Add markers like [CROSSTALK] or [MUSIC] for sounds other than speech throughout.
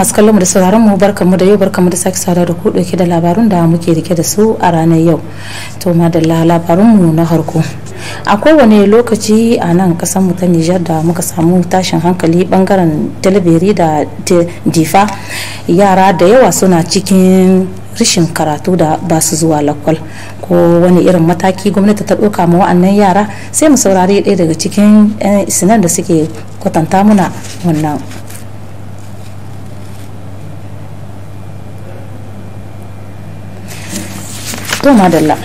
masu kallon mu da sauraron mu barka mu da yau barka mu da sake sada da ku dauke da labarun da muke rike da su a ranar yau to madalla labarun mu na harko a kowane lokaci a nan kasar mu ta Nijar da muka samu tashin hankali bangaren talabiri da difa yara da yawa suna cikin rashin karatu da ba su zuwa lakwal ko wani irin mataki gwamnati ta ɗauka ma wa'annan yara sai mu saurari ɗaya daga cikin eh, sinan da suke kwatanta muna wannan to madalla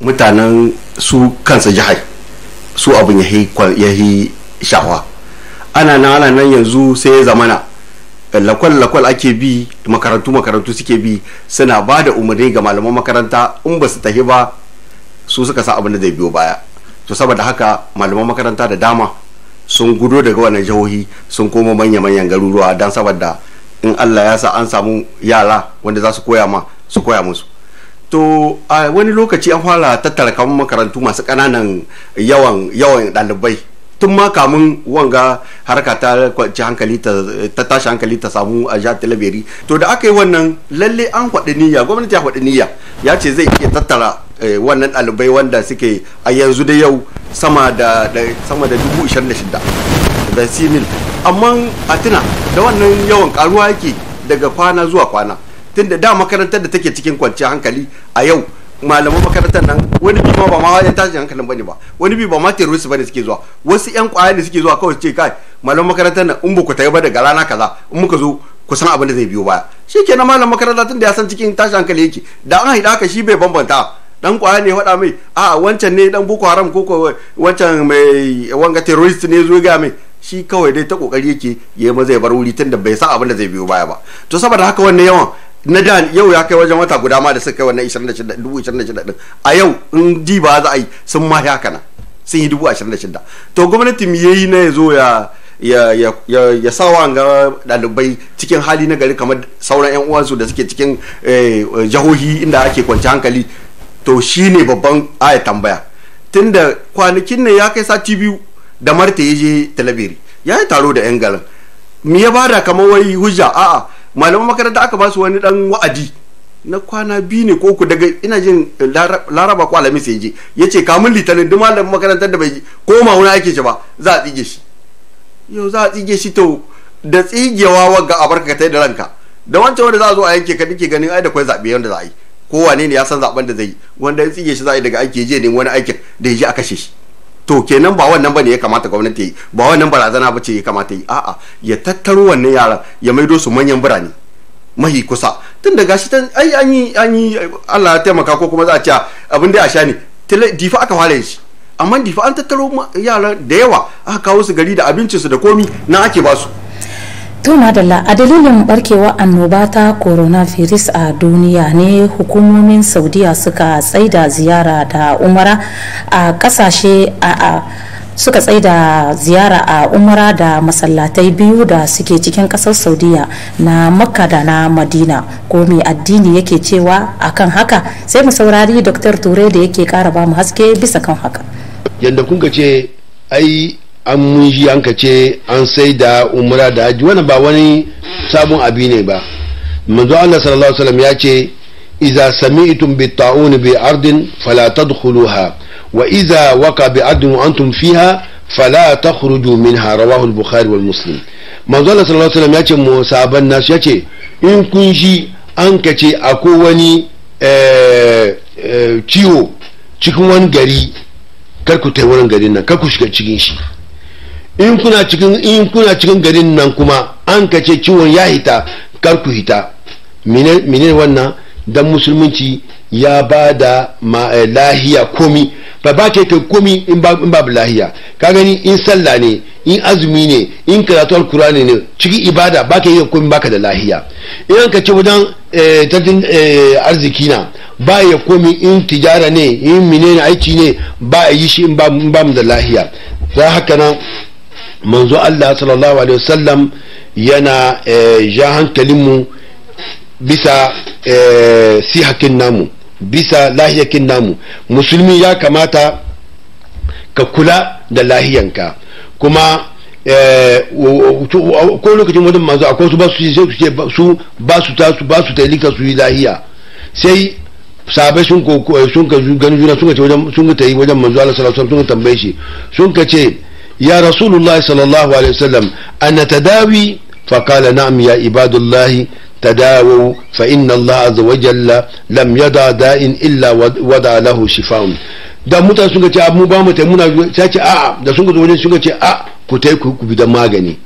mutanen su kansa jihar su abin ya yi shahwa ana nan ana nan yanzu sai ya zamana lakwal lakwal ake bi makarantu makarantu suke bi suna ba da umarni ga malaman makaranta in ba su tafi ba su suka sa abin da zai biyo baya to saboda haka malaman makaranta da dama sun gudo daga wannan jihohi sun koma manya-manyan garuruwa don saboda in allah ya sa an samu yara wanda za su koya ma su koya musu to a wani lokaci an fara tattara kamun makarantu masu kananan yawan yawan dalibai tun ma kamun wanga harka ta kwanci hankali ta tashi hankali ta samu a jihar talabiri to da aka yi wannan lalle an kwaɗi niyya gwamnati ya kwaɗi niyya ya ce zai iya tattara eh, wannan dalibai wanda suke a yanzu da yau sama da sama da dubu ishirin da shida da simil amma a tuna da wannan yawan karuwa yake daga kwana zuwa kwana tunda da makarantar da take cikin kwanciyar hankali a yau malaman makarantar nan wani bi ma ba ma wajen tashin hankalin bane ba wani bi ba ma terrorist bane suke zuwa wasu yan kwaya ne suke zuwa kawai ce kai malaman makarantar nan in ba ku tayi ba daga na kaza in muka zo ku san abin da zai biyo baya shikenan malam makaranta tun da ya san cikin tashin hankali yake da an haida haka shi bai bambanta dan kwaya ne faɗa mai a wancan ne dan boko haram ko wancan mai wanga terrorist ne zo ga mai shi kawai dai ta kokari yake yayi maza ya bar wuri tun da bai san abin da zai biyo baya ba to saboda haka wannan yawan na da yau ya kai wajen wata guda ma da suka kai wannan 26,000 dubu din a yau in di ba za a yi sun ma haka na sun yi dubu to gwamnati ya yi na zo ya ya ya ya, ya ga dalibai cikin hali na gari kamar sauran yan uwansu da suke cikin eh, jahohi inda ake kwanci hankali to shi ne babban aya tambaya tunda kwanakin ne ya kai sati biyu da marta ya je talabiri ya yi taro da yan garin me ya bada kamar wai hujja a'a malaman makaranta aka ba su wani dan wa'adi na kwana biyu ne ko ku daga ina jin eh, laraba ko alamis ya je ya ce kamun litinin duk malamin makarantar da bai koma wani ake shi ba za a tsige shi yau za a tsige shi to da tsigewa wagga a barka ta da ranka da wancan wanda za a zo a yanke ka nake ganin ai da kwai zaɓe wanda za a yi wane ne ya san zaɓen da zai yi wanda ya tsige shi za a yi daga aiki je ne wani aikin da ya je a kashe shi to kenan ba wannan bane ya kamata gwamnati yi ba wannan barazana ba ce ya kamata yi a'a ya tattaro wannan yaran ya maido su manyan birane mahi kusa tun da gashi tan ai an yi an yi Allah ya taimaka ko kuma za a ce abin da ya sha ne difa aka fara shi amma difa an tattaro yaran da yawa aka kawo su gari da abincinsu da komi na ake ba su To madalla a dalilin barkewa annoba ta coronavirus a duniya ne hukumomin saudiya suka tsaida ziyara da umara a kasashe a a suka tsaida ziyara a umara da masallatai biyu da suke cikin kasar saudiya na makka da na madina ko mai addini yake cewa akan haka sai mu saurari dr ture da yake kara ba mu haske bisa kan haka yadda kun ce ai an mun shi an kace an sai da umra da haji wannan ba wani sabon abi ne ba manzo Allah sallallahu alaihi wasallam ya ce idza sami'tum bi ta'un bi ardin fala tadkhuluha wa idza waqa bi ardin wa antum fiha fala takhruju minha rawahu al-bukhari wal muslim manzo Allah sallallahu alaihi wasallam ya ce mu saban ya ce in kun shi an kace akwai wani eh, eh, ciwo cikin wani gari kar ku tai wurin garin nan kar ku shiga cikin shi in kuna cikin in kuna cikin garin nan kuma an ka ce ciwon ya hita kar ku hita mine wannan dan musulunci ya ba da eh, lahiya komi ba ba ke kai komi in babu lahiya ka gani in sallah ne in azumi ne in karatu alkurani ne cikin ibada ba ka yi komi baka da lahiya in ka ce wajen eh, tattalin eh, arziki na ba ya komi in tijara ne in mine aiki ne ba a yi shi in ba mu da lahiya za haka nan manzo Allah sallallahu alaihi wasallam yana eh, ja hankalinmu bisa eh, sihakin namu bisa lahiyakin namu musulmi ya kamata ka kula da lahiyanka kuma eh, ko lokacin wani manzo akwai su ba su su ba su ta su ba su ta su yi lahiya sai sabe sun ka gani juna sun ka ce wajen sun ta yi wajen manzo Allah sallallahu alaihi wasallam sun ka tambaye shi sun ka ce يا رسول الله صلى الله عليه وسلم أن تداوي فقال نعم يا عباد الله تداووا فإن الله عز وجل لم يدع داء إلا وضع له شفاء da mutane sun ce mu ba mu tai muna ta ce a'a da sun gudu wajen sun ce a ku tai ku ku bidan magani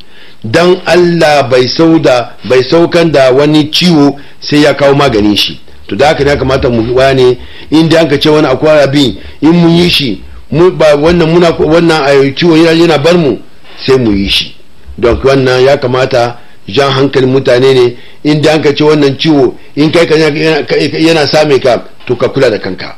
dan Allah bai sauda bai saukan da wani ciwo sai ya kawo maganin shi to da haka ne kamata mu wane in da an ka ce wani akwai abin in mun yi shi mu ba wannan muna wannan ciwo yana bar mu sai mu yi shi don wannan ya kamata jan hankalin mutane ne in da ka ci wannan ciwo in kai yana same ka to ka kula da kanka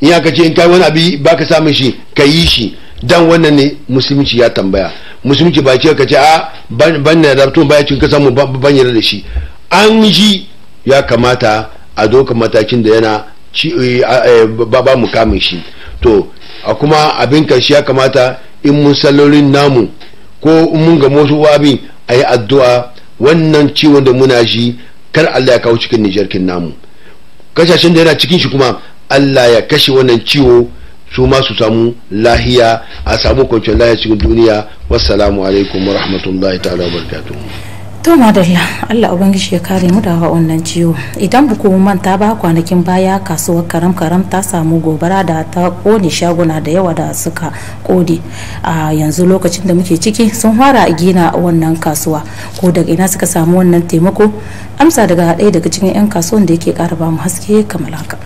in aka ce in kai wani abu baka same shi ka yi shi dan wannan ne musulunci ya tambaya musulunci ba ce ka ce a ah, ban da rabtun baya cin kasan mu ban da shi an ji ya kamata a doka matakin da yana eh, eh, ba mu kamun shi to a kuma abin karshe ya kamata in mun sallolin namu ko in mun ga motsu abin a yi addu'a wannan ciwon da muna shi kar Allah ya kawo cikin nijarkin namu kasashen da yana cikin shi kuma Allah ya kashe wannan ciwo su ma su samu lahiya a samu kwanciyar lahiya cikin duniya wassalamu alaikum wa rahmatullahi ta'ala wa barakatuhu to madalla allah ubangiji ya kare mu daga wannan ciwo idan buku manta ba kwanakin baya kasuwar karam karam ta samu gobara da ta kone shaguna da yawa da suka kode a yanzu lokacin da muke ciki sun fara gina wannan kasuwa ko daga ina suka samu wannan taimako amsa daga ɗaya daga cikin 'yan kasuwan da yake ƙara ba mu haske kamar haka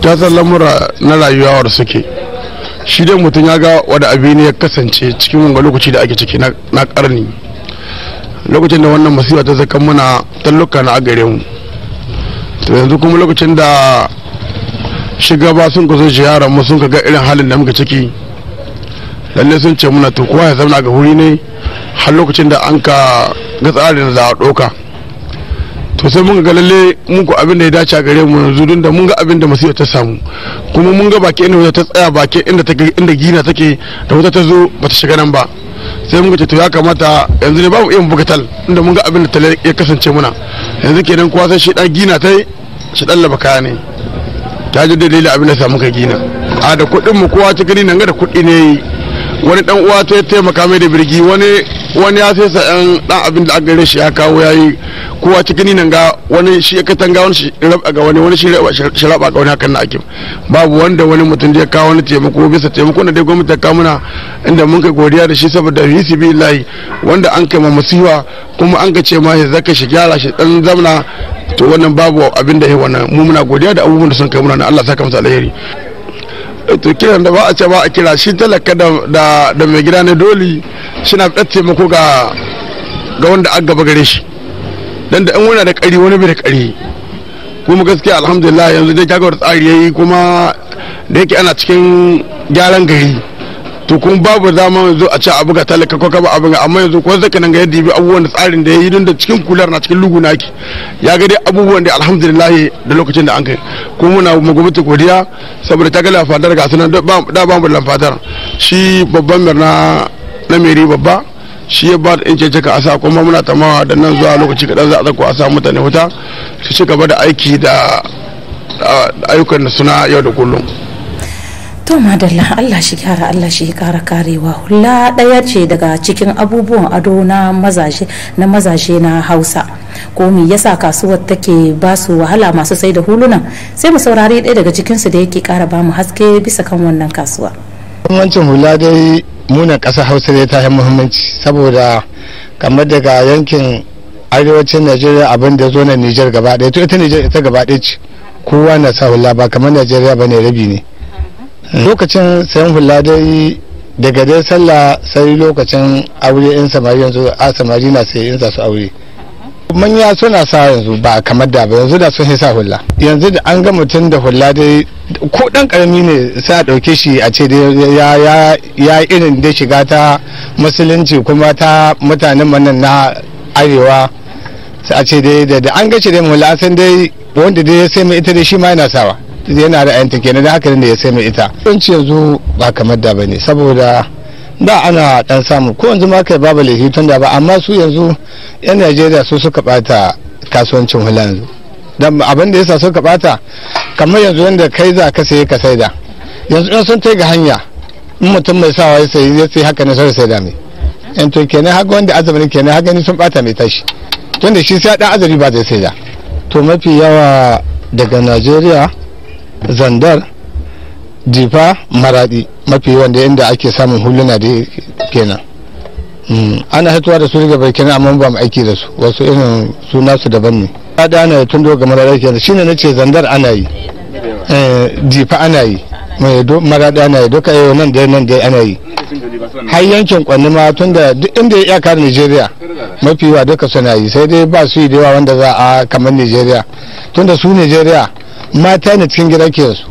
kyasar lamura na rayuwar suke shi dai mutum ya ga wada abin ya kasance cikin wani lokaci da ake ciki na karni lokacin da wannan masifa ta zaka muna talluka na agare mu to yanzu kuma lokacin da shugaba sun kusa ziyarar mu sun ga irin halin da muka ciki lalle sun ce muna to kowa ya zauna ga wuri ne har lokacin da an ka ga tsarin da a ɗauka to sai mun ga lalle mun ku abin da ya dace a gare mu yanzu don da mun ga abin da masifa ta samu kuma mun ga baki inda wata ta tsaya baki inda ta inda gina take da wata ta zo bata shiga nan ba sai muka ce to ya kamata yanzu ne ba iya buga inda mun ga abin da tal ya kasance muna yanzu kenan kowa sai shi dan gina tai shi dan laba kaya ne ta ji dalilin abin da samu ka gina a da kuɗin mu kowa cikin nan ga da kuɗi ne wani dan uwa ta taimaka mai da birgi wani wani ya sai sa yan dan abin da aka shi ya kawo yayi kowa cikin nan ga wani shi ya katanga wani shi raba ga wani wani shi raba ga wani hakan na akim babu wanda wani mutum da ya kawo wani taimako bisa taimako da dai gwamnati ta muna inda mun kai godiya da shi saboda hisi billahi wanda an kai ma musiwa kuma an ka ce ma ya zaka shi gyara shi dan zamna to wannan babu abin da ya wannan mu muna godiya da abubuwan da sun kai muna na Allah saka masa alheri to kiran da ba a ce ba a kira shi talaka da mai gida ne doli na fitar taimako ga ga wanda an gaba gare shi dan da in wani da kari wani bai da kari kuma gaskiya alhamdulillah yanzu dai kagawar tsari yayi kuma da yake ana cikin gyaran gari to kun babu zama yanzu a ce abu ga talaka ko kaba abin amma yanzu ko zaka nan ga yadda bi abubuwan da tsarin da yayi don da cikin kular na cikin lugu naki ya ga dai abubuwan da alhamdulillah da lokacin da an kai ko muna mu gwamnati godiya saboda ta ga lafadar ga sunan da ba mu lafadar shi babban mirna na meri babba shi ya ba da in cece ka asa kuma muna tamawa da nan zuwa lokaci kaɗan za a zako a sa mutane wuta su ci gaba da aiki da ayyukan suna yau da kullum to madalla allah shi gyara allah shi kara karewa hula daya ce daga cikin abubuwan ado na mazaje na mazaje na hausa ko me yasa kasuwar take ba su wahala masu sai da hulunan sai mu saurari ɗaya daga cikinsu da yake kara ba mu haske bisa kan wannan kasuwa muhimmancin hula dai muna ƙasar hausa ne ta yi muhimmanci saboda kamar daga yankin arewacin najeriya abin da zo na nijar gaba ɗaya to ita nijar ita gaba ɗaya ce kowa na sa hula ba kamar najeriya ba ne rabi ne lokacin sayan hula dai daga dai sallah sai lokacin aure in samari yanzu a samari na sai in za su aure manya suna sa yanzu ba kamar da ba yanzu da sun sa hula yanzu da an ga mutum da hula dai ko dan karami ne sai a dauke shi a ce ya ya ya irin da shiga ta musulunci kuma ta mutanen manan na arewa sai a ce dai da an ga shi dai hula san dai wanda dai ya sai mai ita dai shi ma yana sawa yana ra'ayinta kenan da haka ne ya sai mai ita yanci yanzu ba kamar da bane saboda da ana dan samu ko yanzu ma kai babu laifi tun da ba amma su yanzu yan Najeriya su suka bata kasuwancin hula yanzu dan abin da yasa suka bata kamar yanzu wanda kai za ka sai ka saida yanzu in sun taiga hanya in mutum mai sawa ya sai ya sai haka ne sai saida mai yan eh, to kenan haka wanda azumin kenan haka ne sun bata mai tashi tunda shi sai dan azumi ba zai saida to mafi yawa daga Najeriya zandar jifa maradi mafi wanda inda ake samun huluna da kenan hmm, ana haituwa da su daga barkina amma ba mu aiki da su wasu irin suna su daban ne ta da ana tun daga maradi kenan shine ce zandar ana yi eh, jifa ana yi mai maradi ana yi duka yau nan da nan da ana yi har yankin kwanni ma tun da duk inda ya iyakar nigeria mafi yawa duka suna yi sai dai ba su yi da yawa wanda za a kamar nigeria tun da su nigeria mata ne cikin gidan ke su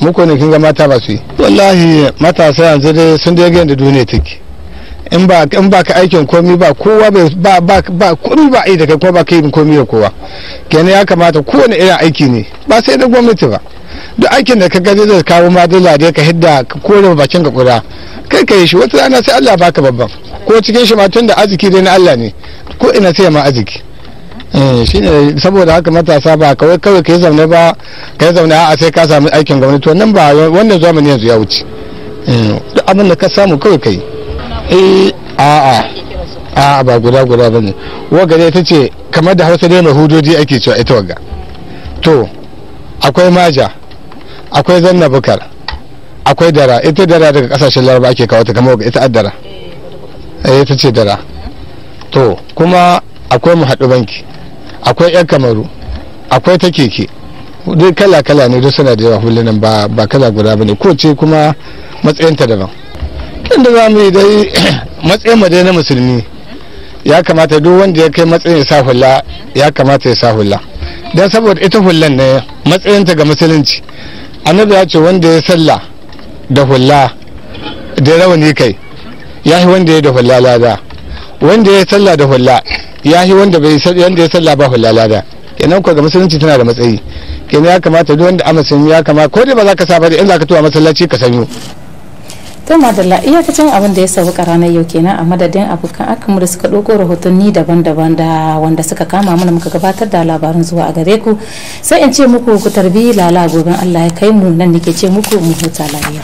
muku ne kinga mata ba su yi wallahi matasa yanzu dai sun da yadda duniya take in ba ka aikin komi ba kowa ba ba ba komi ba da kai kuma ba kai komi kowa kenan ya kamata kowane irin aiki ne ba sai da gwamnati ba duk aikin da ka gaji zai kawo ma dala da ka hidda ka kore bakin ka kura kai ka yi shi wata rana sai Allah baka babban ko cikin shi ma tun da arziki dai na Allah ne ko ina sai ma arziki Eh, ne saboda haka matasa ba kawai kawai yi zaune ba yi zaune a sai ka samu aikin gwamnati wannan ba wannan zamani yanzu ya wuce eh, duk abin da ka samu kawai kai eh, a a a ba guda guda ba ne waga ne ta ce kamar da hausa ne mai hudoji ake cewa ita waga to akwai maja akwai zanna bukar akwai dara ita dara daga kasashen laraba ake kawo ta kamar ita addara eh ita ce dara to kuma akwai mu haɗu banki akwai 'yan kamaru akwai ta keke duk kala-kala ne duk suna da yawa hulunan ba kala guda ba ne ko ce kuma matsayinta daban kan da zamu yi dai [CLEARS THROAT] matsayin mu dai na musulmi ya kamata duk wanda ya kai matsayin ya sa hula ya kamata ya sa hula Dan saboda ita hullan ne matsayin ta ga musulunci annabi ya ce wanda ya sallah da hula da rawani kai ya yi wanda ya da hula lada wanda ya sallah da hulla ya yi wanda bai wanda ya sallah ba hulla lada kenan ko ga musulunci tana da matsayi kenan ya kamata duk wanda ya kamata ko da ba za ka saba da in za ka tuwa masallaci ka sanyo to madalla iyakacin abin da ya sabu ranar yau kenan a madadin abokan akamu da suka ɗauko rahotanni daban-daban da wanda suka kama mana muka gabatar da labarin zuwa a gare ku sai in ce muku ku tarbi lala gobin allah ya kai mu nan nake ce muku mu huta lafiya